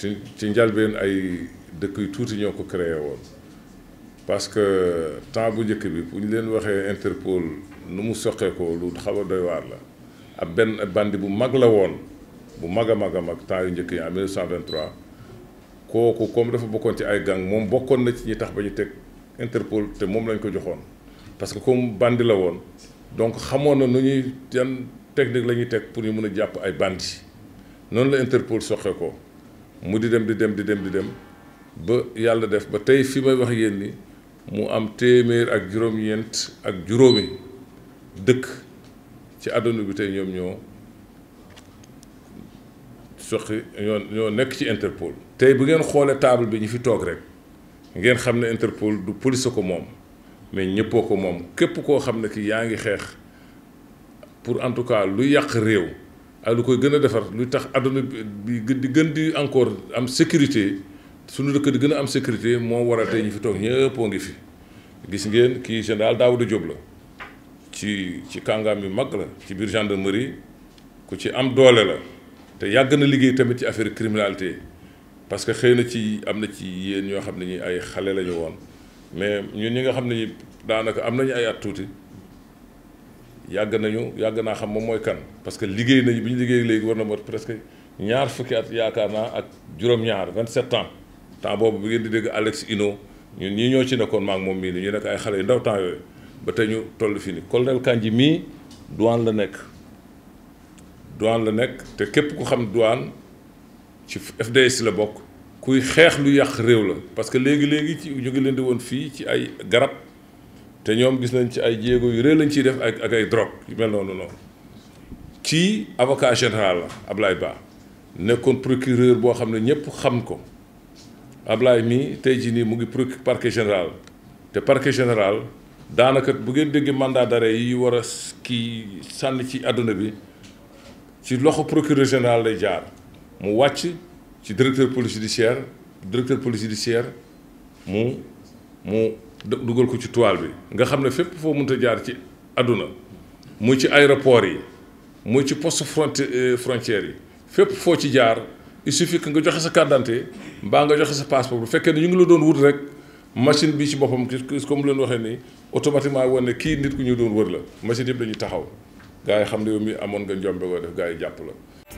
ci ci njalbeen ay dëkk yu tuuti ñoo ko créé woon parce que temps bu njëkk bi bu ñu leen waxee Interpol nu mu soqee ko lu xaw a doy waar la ab benn bandi bu mag la woon bu mag a mag a mag temps yu njëkk yi en 1923 kooku comme dafa bokkoon ci ay gang moom bokkoon na ci ñi tax ba ñu teg Interpol te moom lañ ko joxoon parce que comme bandi la woon donc xamoon na nu ñuy yan technique la ñuy teg pour ñu mën a jàpp ay bandi noonu la Interpol soqee ko mu di dem di dem di dem di dem ba yàlla def ba tey fi may wax yéen ni mu am téeméer ak juróom-ñeent ak juróomi dëkk ci àdduna bi tey ñoom ñoo soqi ñoo ñoo nekk ci Interpol. tey bu ngeen xoolee taabal bi ñu fi toog rek ngeen xam ne Interpol du police ko moom mais ñëppoo ko moom képp koo xam ne ki yaa ngi xeex pour en tout cas lu yàq réew. ak lu koy gën a defar lu tax àdduna bi di gën di encore am sécurité suñu dëkk di gën a am sécurité moo war a tey ñu fi toog ñëppoo ngi fi gis ngeen kii général Daouda Diop la ci ci kàngaam yu mag la ci biir gendarmerie ku ci am doole la te yàgg na liggéey tamit ci affaire criminalité parce que xëy na ci am na ci yéen ñoo xam ne ñi ay xale la ñu woon mais ñun ñi nga xam ne ñi daanaka am nañu ay at tuuti yàgg nañu yàgg naa xam moom mooy kan parce que liggéey nañu bi ñu liggéey léegi war na mot presque ñaar fukki at yaakaar naa ak juróom-ñaar 27 ans temps boobu bi ngeen di dégg Alex Ino ñun ñii ñoo ci nekkoon maak moom mii nii ñu nekk ay xale yu ndaw temps ba te ñu toll fii nii colonel Kandji mii douane la nekk douane la nekk te képp ku xam duwaan ci FDS la bokk kuy xeex lu yàq réew la parce que léegi léegi ci ñu ngi leen di woon fii ci ay garab. te ñoom gis nañ ci ay jéego yu rëy lañ ciy def ak ak ay drogue yu mel noonu noonu kii avocat général la Ablaye Ba nekkoon procureur boo xam ne ñëpp xam ko Ablaye mi tey jii nii mu ngi parquet général te parquet général daanaka bu ngeen déggee mandat d'arrêt yi war a kii sànni ci àdduna bi ci loxo procureur général lay jaar mu wàcc ci directeur police judiciaire directeur police judiciaire mu mu. dugal ko ci toile bi nga xam ne fépp foo mënta jaar ci àdduna muy ci aéroport yi muy ci poste fronti euh, frontière yi fépp foo ci jaar il suffit que nga joxe sa carte d'identité nga joxe sa passeport bu fekkee ne ñu ngi la doon wut rek machine bi ci boppam comme leen waxee nii automatiquement woon ne kii nit ku ñu doon wër la machine yëpp dañuy taxaw gars xam ne yow mi amoon nga njombe woo def gars yi jàpp la